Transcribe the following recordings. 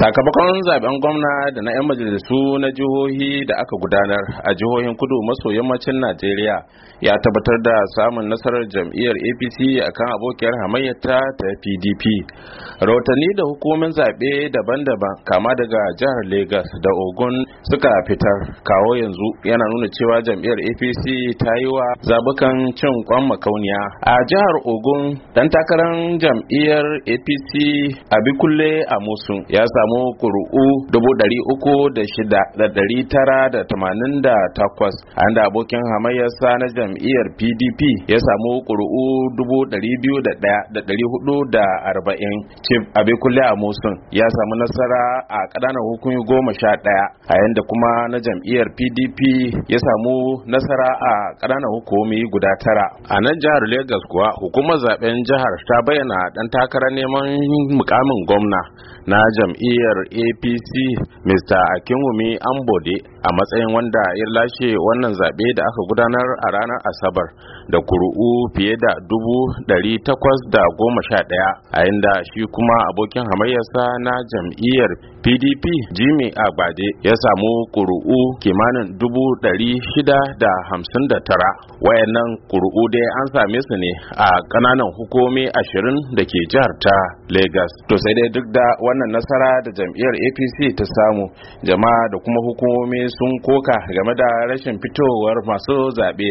sakamakon zaben gwamna da na 'yan majalisu na jihohi da aka gudanar a jihohin kudu maso yammacin najeriya ya tabbatar da samun nasarar jam'iyyar apc akan abokiyar hamayyata ta pdp rahotanni da hukumin zaɓe daban-daban kama daga jihar Legas da ogun suka fitar kawo yanzu yana nuna cewa jam'iyyar apc ta yi wa zabukan cin kwan makauniya a jihar ogun dan takarar jam'iyyar apc abikulle musu ya samu dubu dari uku da abokin hamayyarsa na jam'iyyar pdp ya samu ƙuri'u cif chief a musun ya samu nasara a ƙananan hukumi goma sha ɗaya a yadda kuma na jam'iyyar pdp ya samu nasara a ƙananan hukumi guda tara a nan jihar Legas kuwa hukumar zaben jihar ta bayyana ɗan takarar neman mukamin gwamna na jam'iyyar apc mr akinwumi ambode a matsayin wanda ya lashe wannan zaɓe da aka gudanar a ranar asabar da kuru'u fiye da dubu ɗari takwas da goma sha ɗaya a inda shi kuma abokin hamayyarsa na jam'iyyar pdp jimmy agbade ya samu kuru'u kimanin dubu ɗari shida da hamsin da tara wayannan kuru'u dai an same su ne a ƙananan hukumi ashirin da ke jihar ta lagos to sai dai duk da wannan nasara da jam'iyyar apc ta samu jama'a da kuma hukumomi sun koka game da rashin fitowar masu zaɓe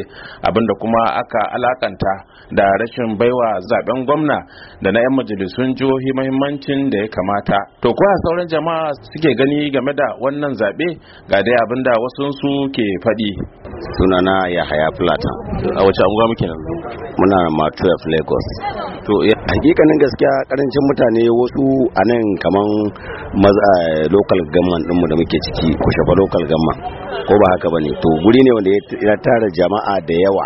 abinda kuma aka alakanta da rashin baiwa zaben gwamna da na 'yan majalisun jihohi mahimmancin da ya kamata to kuwa sauran jama'a suke gani game da wannan zaɓe ga dai abinda su ke faɗi sunana yahaya plata a wace anguwa muke nan muna matuwa lagos to hakikanin gaskiya karancin mutane wasu a nan kaman maza eh, local gamman dinmu da muke ciki ku shafa local gamman ko ba haka bane to guri ne wanda ya tara jama'a da yawa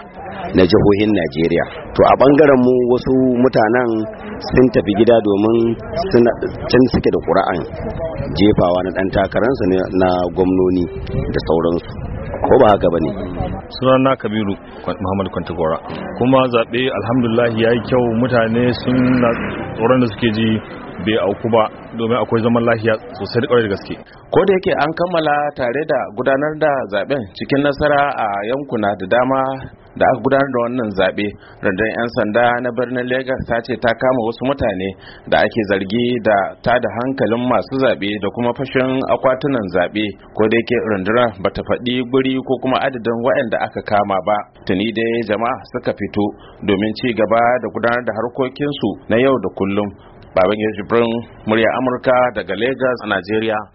na jihohin Najeriya to a bangaren mu wasu mutanen sun tafi gida domin can suke da ƙura'an jefawa na ɗan takararsu na gwamnoni da sauransu ko ba haka bane na kabiru muhammad kwantagora kuma zaɓe alhamdulillah ya yi kyau mutane sun na tsoron da suke ji bai auku ba domin akwai zaman lafiya sosai da kwarai gaske ko da yake an kammala tare da gudanar da zaben cikin nasara a yankuna da dama da aka gudanar da wannan zaɓe rundunar 'yan sanda na birnin lagos ta ce ta kama wasu mutane da ake zargi da ta da hankalin masu zaɓe da kuma fashin akwatunan zaɓe ko da yake rundunar ba ta faɗi guri ko kuma adadin waɗanda aka kama ba tuni dai jama'a suka fito domin ci gaba da gudanar da harkokinsu na yau da kullum baban jibrin murya amurka daga lagos a najeriya